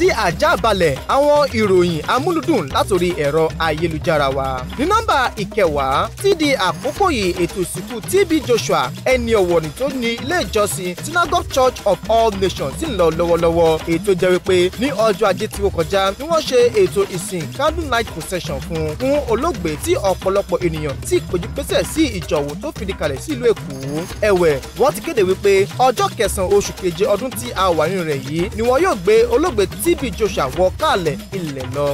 sí àjàbalẹ̀ àwọn ìròyìn amúlùdùn látòrí ẹ̀rọ ayélujára wa. ní nọ́mbà ìkẹwàá tí di àkókò yìí ètò ìsìnkú TB Joshua ẹni ọ̀wọ̀nì tó ní ilé ìjọsìn Synagogue Church of All Nations ti ń lọ lọ́wọ́lọ́wọ́ ètò jẹ́ wípé ní ọjọ́ ajé tí ó kọjá ni wọ́n ṣe ètò ìsìn candle night procession fún fún olóògbé tí ọ̀pọ̀lọpọ̀ ènìyàn ti péjúpésẹ̀ sí ìjọ̀wò tó fìdí kalẹ̀ sí ìlú Èkó ẹ̀wẹ̀ wọ́n ti kéde wípé ọjọ́ kẹsàn-án oṣù a wà nínú rẹ̀ yìí TB Joshua wọ káàlẹ̀ ilẹ̀ lọ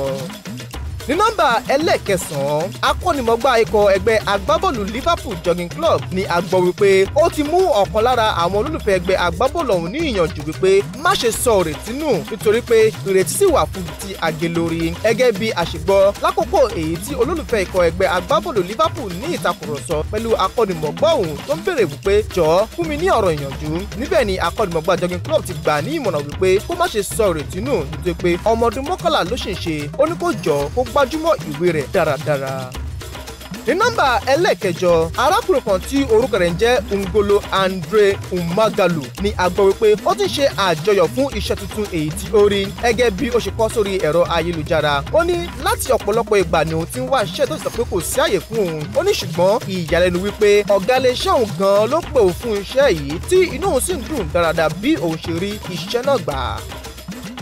ní nọ́mbà ẹlẹ́ẹ̀kẹsàn-án akọ́nimọ̀gbá ikọ̀ ẹgbẹ́ agbábọ́ọ̀lù Liverpool Jogging Club ni a gbọ́ wípé ó ti mú ọ̀kan lára àwọn olólùfẹ́ ẹgbẹ́ agbábọ́ọ̀lù ọ̀hún ní ìyànjú wípé má ṣe sọ ìrètí nù nítorí pé ìrètí sì wà fún ti àgé lórí gẹ́gẹ́ bí àṣegbọ́ lákòókò èyí tí olólùfẹ́ ikọ̀ ẹgbẹ́ agbábọ́ọ̀lù Liverpool ní ìtakùrọ̀sọ pẹ̀lú akọ́nimọ̀gbá ọ̀hún tó ń béèrè wípé jọ̀ọ́ fún mi ní ọ̀rọ̀ ìyànjú níbẹ̀ ni akọ́nimọ̀gbá Jogging Club ti gbà ní ìmọ̀ràn wípé kó má ṣe sọ ìrètí nù nítorí pé ọmọ ọdún gbájúmọ́ ìwé rẹ̀ dáradára ní nọ́mbà ẹlẹ́ẹ̀kẹjọ arákùnrin kan tí orúkọ rẹ̀ ń jẹ́ Ngolo Andre Umagalu ni a gbọ́ wípé ó ti ṣe àjọyọ̀ fún iṣẹ́ tuntun èyí tí ó rí gẹ́gẹ́ bí ó ṣe kọ sórí ẹ̀rọ ayélujára ó ní láti ọ̀pọ̀lọpọ̀ ìgbà ni òun ti ń wá iṣẹ́ tó sì sọ pé kò sí àyè fún òun ó ní ṣùgbọ́n ìyàlẹ́nu wípé ọ̀gá iléeṣẹ́ òun gan-an ló pè òun fún iṣẹ́ yìí tí inú òun sì ń dùn dáradára bí òun ṣe rí iṣẹ́ náà gbà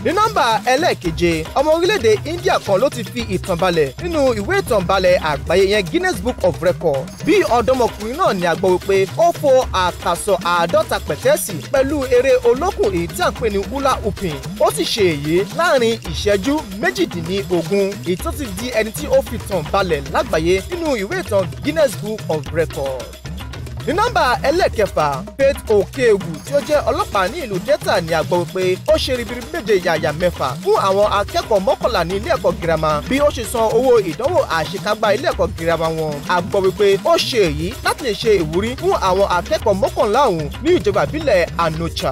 ní nọ́mbà ẹlẹ́ẹ̀keje ọmọ orílẹ̀-èdè India kan ló ti fi ìtàn balẹ̀ nínú ìwé ìtàn balẹ̀ àgbáyé yẹn Guinness Book of Records bí ọ̀dọ́mọkùnrin náà ní a gbọ́ wípé ó fò àkàsọ̀ àádọ́ta pẹ̀tẹ́sì pẹ̀lú eré olókùn èyí tí à ń pè ní hula hooping ó sì ṣe èyí láàrin ìṣẹ́jú méjìdínlógún èyí tó ti di ẹni tí ó fi tàn balẹ̀ lágbàáyé nínú ìwé ìtàn Guinness Book of Records ní nọ́mbà ẹlẹ́kẹfà faith okeegwu tí ó jẹ́ ọlọ́pàá ní ìlú delta ni a gbọ́ wípé ó ṣe ribiri méje yàyà mẹ́fà fún àwọn akẹ́kọ̀ọ́ mọ́kànlá ní ilé ẹ̀kọ́ girama bí ó ṣe san owó ìdánwò àṣekágbá ilé ẹ̀kọ́ girama wọn a gbọ́ wípé ó ṣe èyí láti lè ṣe ìwúrí fún àwọn akẹ́kọ̀ọ́ mọ́kànlá ọ̀hún ní ìjọba ìbílẹ̀ anocha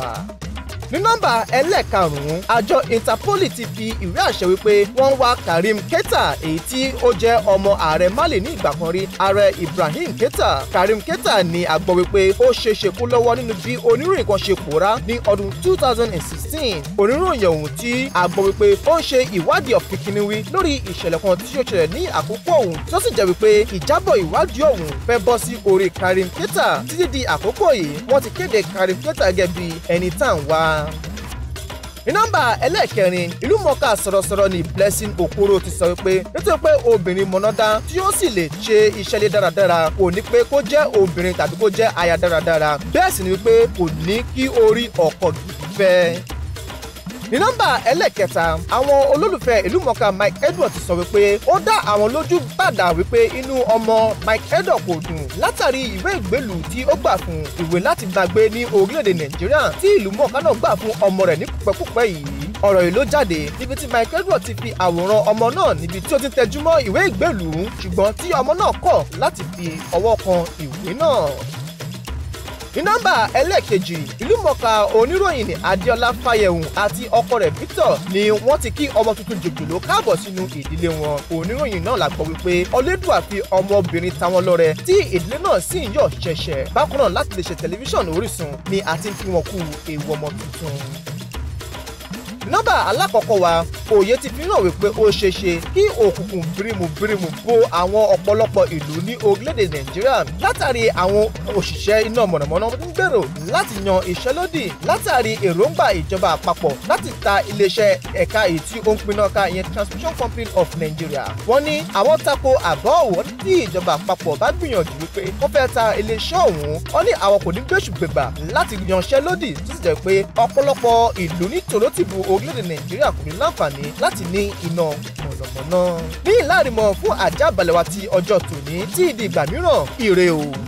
ní nọ́mbà ẹlẹ́ẹ̀karùn-ún àjọ Interpol ti fi ìwé àṣẹ wípé wọ́n wá Karim Keta èyí tí ó jẹ́ ọmọ ààrẹ Mali ní ìgbà kan rí ààrẹ Ibrahim Keta Karim Keta ni a gbọ́ wípé ó ṣe ṣekú lọ́wọ́ nínú bí oníròyìn kan ṣe pòórá ní ọdún 2016 oníròyìn ọ̀hún tí a gbọ́ wípé ó ń ṣe ìwádìí ọ̀fìnkìnníwí lórí ìṣẹ̀lẹ̀ kan tí ó ṣẹlẹ̀ ní àkókò ọ̀hún tó sì jẹ́ wípé ìjábọ̀ ìwádìí ọ̀hún fẹ́ bọ́ sí orí Karim Keta títí di àkókò yìí wọ́n ti kéde Karim Keta gẹ́gẹ́ bí ẹni tá à ń wá ní nọ́mbà ẹlẹ́ẹ̀kẹrin ìlúmọ̀ọ́ká sọ̀rọ̀sọ̀rọ̀ ni Blessing Okoro ti sọ wípé nítorí pé obìnrin mọ̀nàdá tí ó sì lè ṣe iṣẹ́ lé dáradára kò ní pé kó jẹ́ obìnrin tàbí kó jẹ́ aya dáradára bẹ́ẹ̀ sì ni wípé kò ní kí orí ọkọ dúdú fẹ́ ní nọ́mbà ẹlẹ́kẹta àwọn olólùfẹ́ ìlúmọ̀ọ́ká Mike Edward ti sọ wípé ó dá àwọn lójú padà wípé inú ọmọ Mike Edward kò dùn látàrí ìwé ìgbélù tí ó gbà fún ìwé láti gbàgbé ní orílẹ̀-èdè Nàìjíríà tí ìlúmọ̀ọ́ká náà gbà fún ọmọ rẹ̀ ní kúpẹ́kúpẹ́ yìí ọ̀rọ̀ yìí ló jáde níbi tí Mike Edward ti fi àwòrán ọmọ náà níbi tí ó ti tẹjú mọ́ ìwé ìgbélùú ṣùgbọ́n tí ọmọ náà kọ̀ láti fi ọwọ́ kan ìwé náà ní nọ́mbà ẹlẹ́ẹ̀kejì ìlúmọ̀ọ́ká oníròyìn adéọlá fáyẹ̀hùn àti ọkọ rẹ̀ victor ni wọ́n ti kí ọmọ tuntun jòjòló káàbọ̀ sínú ìdílé wọn oníròyìn náà la gbọ́ wípé ọlẹ́dùà fi ọmọbìnrin táwọn lọ́rẹ tí ìdílé náà sì ń yọ̀ ṣẹ̀ṣẹ̀ bákan náà láti lè ṣe tẹlifíṣàn orísun ni àti ń fi wọn kú ewu ọmọ tuntun nọ́mbà alákọ̀ọ́kọ́ wa òye ti fi hàn wípé ó ṣeé ṣe kí òkùnkùn birimùbirimù bo àwọn ọ̀pọ̀lọpọ̀ ìlú ní orílẹ̀-èdè nàìjíríà látàrí àwọn òṣìṣẹ́ iná mọ̀nàmọ́ná ń gbèrò láti yan iṣẹ́ lódì látàrí èròǹgbà ìjọba àpapọ̀ láti ta iléeṣẹ́ ẹ̀ka èyí tí ó ń pinná ká ìyẹn transmission company of nigeria wọ́n ní àwọn tako àbọ̀ ọ̀wọ́ tí ìjọba àpapọ̀ bá gbìyànjú wípé wọ́n fẹ́ ta iléeṣẹ́ ọ̀hún wọ́n ní àwọn kò ní gbèsùgbègbà láti yanṣẹ́ lódì tó sì jẹ́ pé ọ̀pọ̀lọpọ̀ ìlú ní tòlótìbù orílẹ̀-èdè nàìjíríà kò ní láǹfààní àǹfààní láti ní iná mọ̀nàmọ́ná. ní ìlàrímọ̀ fún àjábalẹ̀ wa ti ọjọ́ tòní tí ìdìgbà mìíràn ire o.